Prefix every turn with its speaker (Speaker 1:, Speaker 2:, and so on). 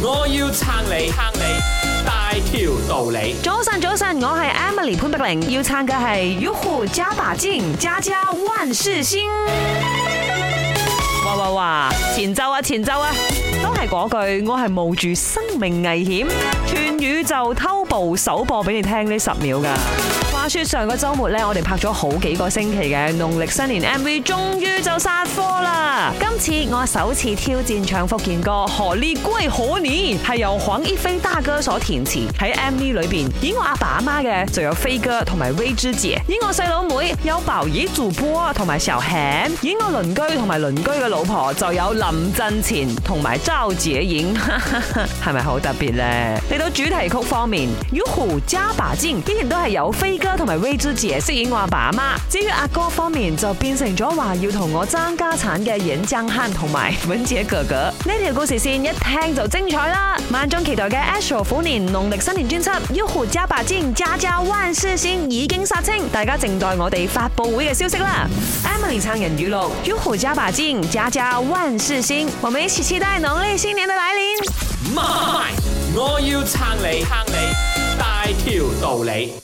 Speaker 1: 我要撐你，撐你大條道理。早
Speaker 2: 晨，早晨，我係 Emily 潘碧玲，要的是，要撐嘅係，欲火加把勁，家家萬事興。哇哇哇！前奏啊，前奏啊，都係嗰句，我係冒住生命危險，全宇宙偷步，首播俾你聽呢十秒噶。話說上個周末咧，我哋拍咗好幾個星期嘅農曆新年 M V，終於就殺科啦！今次我首次挑戰唱福建歌《何年歸何年》，係由黃一飛大哥所填詞。喺 M V 裏邊演我阿爸阿媽嘅就有飛哥同埋威之姐，演我細佬妹有鮑爾做波同埋小喊，演我鄰居同埋鄰居嘅老婆就有林振前同埋周杰演，係咪好特別咧？嚟到主題曲方面，《uh、u 胡家加把勁》竟然都係有飛哥。同埋威朱姐飾演我阿爸阿媽，至於阿哥方面就變成咗話要同我爭家產嘅影爭慳同埋婉姐哥哥，呢條故事線一聽就精彩啦！萬眾期待嘅 Asher 虎年農曆新年專輯《幺虎加把勁，家家萬事興》已經殺青，大家靜待我哋發布會嘅消息啦！Emily 撐人語錄《幺虎加把勁，家家萬事興》，我們一起期待農
Speaker 1: 曆新年的來臨。My, 我要撐你，撐你大條道理。